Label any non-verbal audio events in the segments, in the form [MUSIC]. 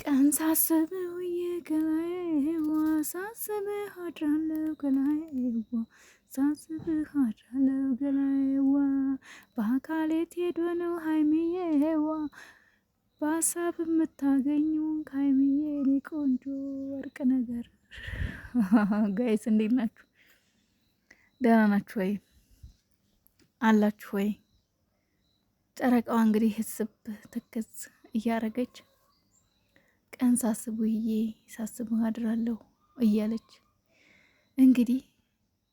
ቀን ሳስበው የገላይዋ ሳስብህ አድራለሁ ገላይዋ ሳስብህ አድራለሁ ገላይዋ በአካሌ ትሄዶ ነው ሀይሚዬዋ በሀሳብ የምታገኙን ከሀይሚዬ እኔ ቆንጆ ወርቅ ነገር። [LAUGHS] ጋይስ እንዴት ናችሁ? ደህና ናችሁ ወይ? አላችሁ ወይ? ጨረቃዋ እንግዲህ ህስብ ትክዝ እያረገች ቀን ሳስቡ ይዬ ሳስቡ አድራለሁ እያለች እንግዲህ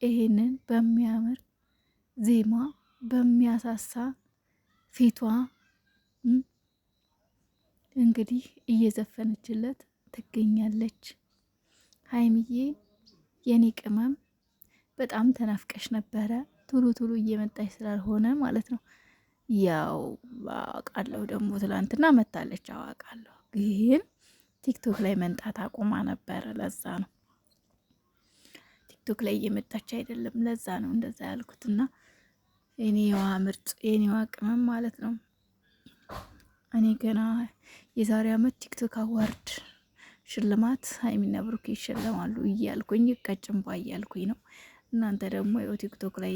ይሄንን በሚያምር ዜማ በሚያሳሳ ፊቷ እንግዲህ እየዘፈነችለት ትገኛለች። ሀይምዬ የኔ ቅመም በጣም ተናፍቀሽ ነበረ። ቱሉ ቱሉ እየመጣሽ ስላልሆነ ማለት ነው። ያው አውቃለሁ ደግሞ ትላንትና መታለች፣ አዋቃለሁ ግን ቲክቶክ ላይ መንጣት አቁማ ነበረ። ለዛ ነው ቲክቶክ ላይ እየመጣች አይደለም። ለዛ ነው እንደዛ ያልኩትና የኔዋ ምርጥ የኔዋ ቅመም ማለት ነው። እኔ ገና የዛሬ አመት ቲክቶክ አዋርድ ሽልማት ሀይሚና ብሩክ ይሸለማሉ እያልኩኝ ቀጭንባ እያልኩኝ ነው። እናንተ ደግሞ ያው ቲክቶክ ላይ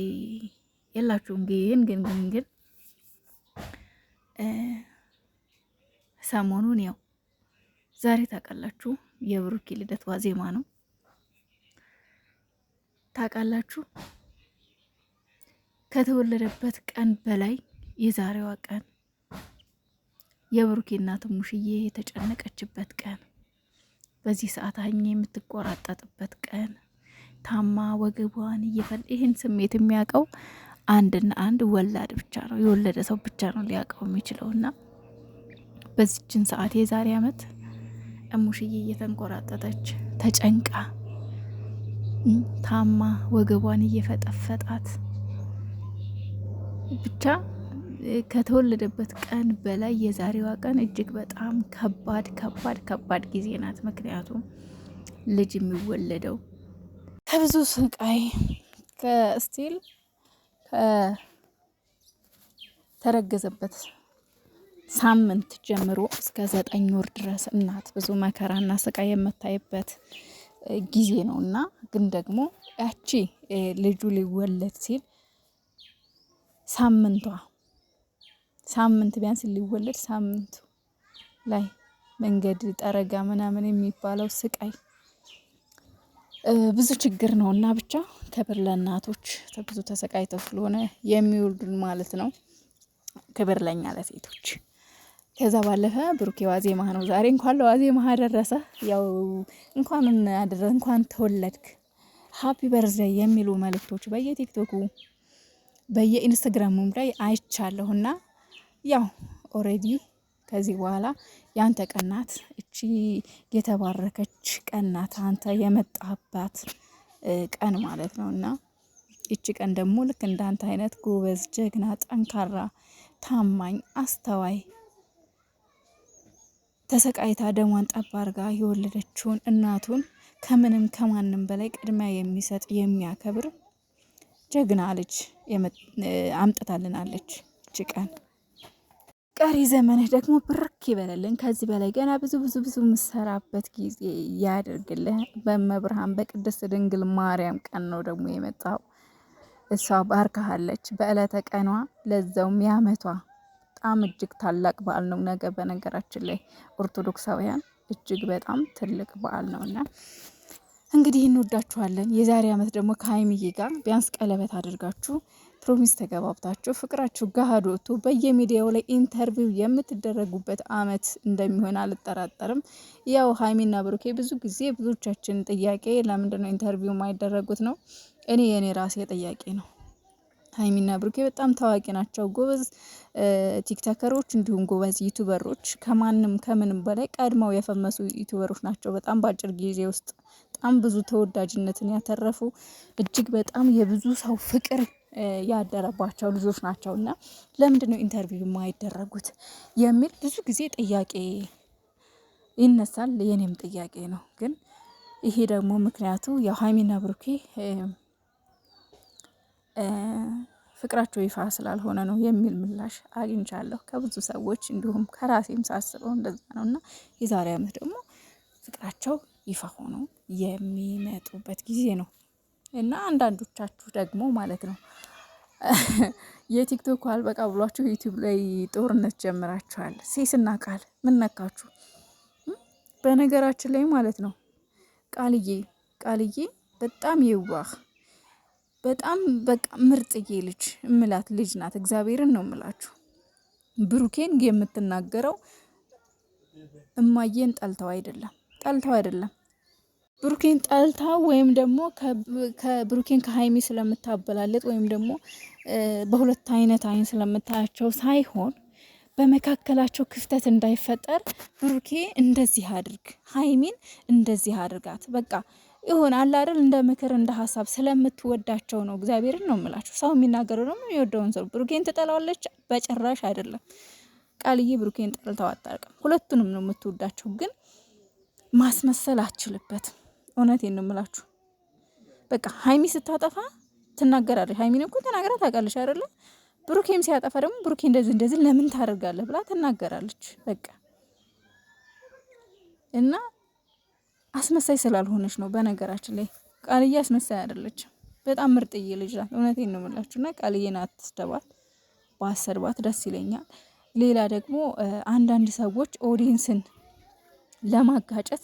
የላችሁም። ግን ግን ግን ግን ሰሞኑን ያው ዛሬ ታውቃላችሁ የብሩኬ ልደት ዋዜማ ነው። ታውቃላችሁ ከተወለደበት ቀን በላይ የዛሬዋ ቀን የብሩኬ እናት ሙሽዬ የተጨነቀችበት ቀን፣ በዚህ ሰዓት አኝ የምትቆራጠጥበት ቀን፣ ታማ ወገቧን እየፈል ይህን ስሜት የሚያውቀው አንድና አንድ ወላድ ብቻ ነው። የወለደ ሰው ብቻ ነው ሊያውቀው የሚችለው እና በዚችን ሰዓት የዛሬ አመት እሙሽዬ እየተንቆራጠጠች ተጨንቃ ታማ ወገቧን እየፈጠፈጣት ብቻ ከተወለደበት ቀን በላይ የዛሬዋ ቀን እጅግ በጣም ከባድ ከባድ ከባድ ጊዜ ናት። ምክንያቱም ልጅ የሚወለደው ከብዙ ስቃይ ከስቲል ከተረገዘበት ሳምንት ጀምሮ እስከ ዘጠኝ ወር ድረስ እናት ብዙ መከራና ስቃይ የምታይበት ጊዜ ነው እና ግን ደግሞ ያቺ ልጁ ሊወለድ ሲል ሳምንቷ ሳምንት ቢያንስ ሊወለድ ሳምንቱ ላይ መንገድ ጠረጋ ምናምን የሚባለው ስቃይ ብዙ ችግር ነው እና ብቻ ክብር ለእናቶች ብዙ ተሰቃይተው ስለሆነ የሚወልዱን ማለት ነው። ክብር ለኛ ለሴቶች። ከዛ ባለፈ ብሩኬ ዋዜማ ነው ዛሬ። እንኳን ለዋዜማ አደረሰ። ያው እንኳን አደረ እንኳን ተወለድክ ሀፒ በርዝደይ የሚሉ መልእክቶች በየቲክቶኩ በየኢንስታግራሙም ላይ አይቻለሁ። አይቻለሁና ያው ኦሬዲ ከዚህ በኋላ ያንተ ቀናት እቺ የተባረከች ቀናት አንተ የመጣባት ቀን ማለት ነው እና እቺ ቀን ደግሞ ልክ እንዳንተ አይነት ጎበዝ፣ ጀግና፣ ጠንካራ፣ ታማኝ፣ አስተዋይ ተሰቃይታ ደሟን ጠብ አርጋ የወለደችውን እናቱን ከምንም ከማንም በላይ ቅድሚያ የሚሰጥ የሚያከብር ጀግና ልጅ አምጥታልናለች። እች ቀን ቀሪ ዘመንህ ደግሞ ብርክ ይበለልን። ከዚህ በላይ ገና ብዙ ብዙ ብዙ የምሰራበት ጊዜ ያደርግልህ። በመብርሃን በቅድስት ድንግል ማርያም ቀን ነው ደግሞ የመጣው። እሷ ባርካሃለች በእለተ ቀኗ ለዛውም ያመቷ በጣም እጅግ ታላቅ በዓል ነው። ነገ በነገራችን ላይ ኦርቶዶክሳውያን እጅግ በጣም ትልቅ በዓል ነውና እንግዲህ እንወዳችኋለን። የዛሬ ዓመት ደግሞ ከሀይሚዬ ጋር ቢያንስ ቀለበት አድርጋችሁ ፕሮሚስ ተገባብታችሁ ፍቅራችሁ ጋህዶ ወጥቶ በየሚዲያው ላይ ኢንተርቪው የምትደረጉበት አመት እንደሚሆን አልጠራጠርም። ያው ሀይሚና ብሩኬ ብዙ ጊዜ ብዙዎቻችን ጥያቄ ለምንድነው ኢንተርቪው የማይደረጉት ነው። እኔ የእኔ ራሴ ጥያቄ ነው። ሀይሚና ብሩኬ በጣም ታዋቂ ናቸው። ጎበዝ ቲክቶከሮች እንዲሁም ጎበዝ ዩቱበሮች ከማንም ከምንም በላይ ቀድመው የፈመሱ ዩቱበሮች ናቸው። በጣም በአጭር ጊዜ ውስጥ በጣም ብዙ ተወዳጅነትን ያተረፉ እጅግ በጣም የብዙ ሰው ፍቅር ያደረባቸው ልጆች ናቸው እና ለምንድን ነው ኢንተርቪው የማይደረጉት የሚል ብዙ ጊዜ ጥያቄ ይነሳል። የኔም ጥያቄ ነው። ግን ይሄ ደግሞ ምክንያቱ የሀይሚና ብሩኬ ፍቅራቸው ይፋ ስላልሆነ ነው የሚል ምላሽ አግኝቻለሁ ከብዙ ሰዎች እንዲሁም ከራሴም ሳስበው እንደዛ ነው እና የዛሬ ዓመት ደግሞ ፍቅራቸው ይፋ ሆኖ የሚመጡበት ጊዜ ነው እና አንዳንዶቻችሁ ደግሞ ማለት ነው [LAUGHS] የቲክቶክ አልበቃ ብሏችሁ ዩቲዩብ ላይ ጦርነት ጀምራችኋል። ሴስና ቃል ምን ነካችሁ? በነገራችን ላይ ማለት ነው ቃልዬ ቃልዬ በጣም የዋህ በጣም በቃ ምርጥዬ ልጅ እምላት ልጅ ናት። እግዚአብሔርን ነው እምላችሁ። ብሩኬን የምትናገረው እማዬን ጠልተው አይደለም ጠልተው አይደለም ብሩኬን ጠልታ ወይም ደግሞ ከብሩኬን ከሀይሚ ስለምታበላለጥ ወይም ደግሞ በሁለት አይነት አይን ስለምታያቸው ሳይሆን በመካከላቸው ክፍተት እንዳይፈጠር ብሩኬ እንደዚህ አድርግ፣ ሀይሚን እንደዚህ አድርጋት በቃ ይሆናል አይደል እንደ ምክር እንደ ሀሳብ ስለምትወዳቸው ነው። እግዚአብሔርን ነው የምላችሁ። ሰው የሚናገረው ደግሞ የወደውን ሰው። ብሩኬን ትጠላዋለች? በጭራሽ አይደለም። ቃልዬ ብሩኬን ጠልተው አታውቅም። ሁለቱንም ነው የምትወዳቸው፣ ግን ማስመሰል አትችልበትም። እውነቴን ነው የምላችሁ። በቃ ሀይሚ ስታጠፋ ትናገራለች። ሀይሚን እኮ ተናግራ ታውቃለች አይደለ? ብሩኬም ሲያጠፋ ደግሞ ብሩኬ እንደዚህ እንደዚህ ለምን ታደርጋለህ ብላ ትናገራለች። በቃ እና አስመሳይ ስላልሆነች ነው። በነገራችን ላይ ቃልዬ አስመሳይ አይደለችም። በጣም ምርጥዬ ልጅ ናት። እውነቴን ነው የምላችሁ እና ቃልዬን አትስደባት፣ ባሰድባት ደስ ይለኛል። ሌላ ደግሞ አንዳንድ ሰዎች ኦዲየንስን ለማጋጨት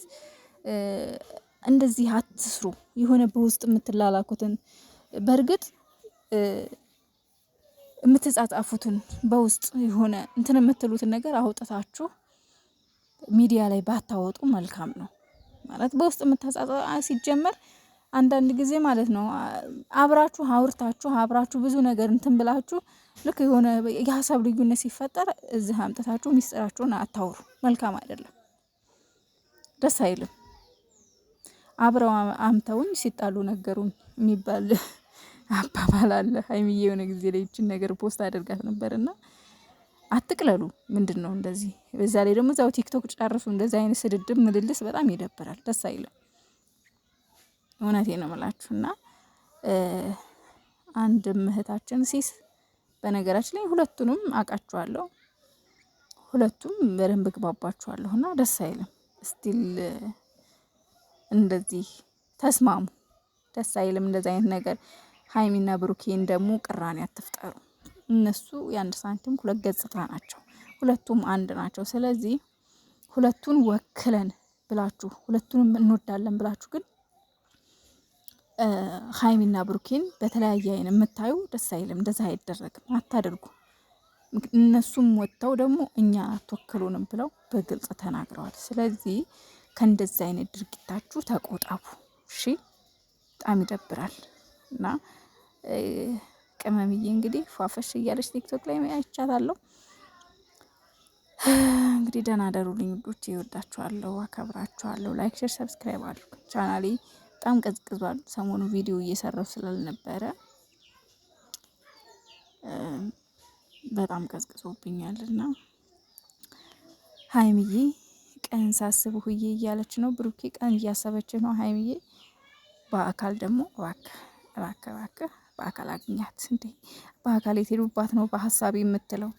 እንደዚህ አትስሩ። የሆነ በውስጥ የምትላላኩትን በእርግጥ የምትጻጻፉትን በውስጥ የሆነ እንትን የምትሉትን ነገር አውጥታችሁ ሚዲያ ላይ ባታወጡ መልካም ነው። ማለት በውስጥ የምታጻጻ ሲጀመር አንዳንድ ጊዜ ማለት ነው አብራችሁ አውርታችሁ አብራችሁ ብዙ ነገር እንትን ብላችሁ ልክ የሆነ የሀሳብ ልዩነት ሲፈጠር እዚህ አምጥታችሁ ሚስጥራችሁን አታውሩ። መልካም አይደለም፣ ደስ አይልም። አብረው አምተውኝ ሲጣሉ ነገሩኝ የሚባል አባባል አለ። ሀይሚዬ የሆነ ጊዜ ላይ ይችን ነገር ፖስት አድርጋት ነበርና አትቅለሉ። ምንድን ነው እንደዚህ? በዛ ላይ ደግሞ እዛው ቲክቶክ ጨርሱ። እንደዚህ አይነት ስድድብ ምልልስ በጣም ይደብራል፣ ደስ አይልም። እውነቴ ነው የምላችሁ እና አንድ እህታችን ሲስ በነገራችን ላይ ሁለቱንም አውቃችኋለሁ፣ ሁለቱም በደንብ ግባባችኋለሁ እና ደስ አይልም። ስቲል እንደዚህ ተስማሙ፣ ደስ አይልም እንደዚህ አይነት ነገር። ሀይሚና ብሩኬን ደግሞ ቅራኔ አትፍጠሩም። እነሱ የአንድ ሳንቲም ሁለት ገጽታ ናቸው። ሁለቱም አንድ ናቸው። ስለዚህ ሁለቱን ወክለን ብላችሁ ሁለቱንም እንወዳለን ብላችሁ ግን ሀይሚና ብሩኬን በተለያየ አይን የምታዩ ደስ አይልም። እንደዛ አይደረግም፣ አታደርጉ። እነሱም ወጥተው ደግሞ እኛ አትወክሉንም ብለው በግልጽ ተናግረዋል። ስለዚህ ከእንደዚ አይነት ድርጊታችሁ ተቆጣቡ እሺ፣ በጣም ይደብራል እና ቅመምዬ እንግዲህ ፏፈሽ እያለች ቲክቶክ ላይ አይቻታለሁ። እንግዲህ ደህና ደሩልኝ ውዶች፣ እወዳችኋለሁ፣ አከብራችኋለሁ። ላይክ፣ ሼር፣ ሰብስክራይብ አድርጉ። ቻናሌ በጣም ቀዝቅዟል። ሰሞኑ ቪዲዮ እየሰራሁ ስላልነበረ በጣም ቀዝቅዞብኛል እና ሀይምዬ ቀን ሳስብ ሁዬ እያለች ነው። ብሩኬ ቀን እያሰበች ነው ሀይምዬ። በአካል ደግሞ እባክህ እባክህ እባክህ በአካል አግኛት እንዴ! በአካል የት ነው በሀሳብ የምትለው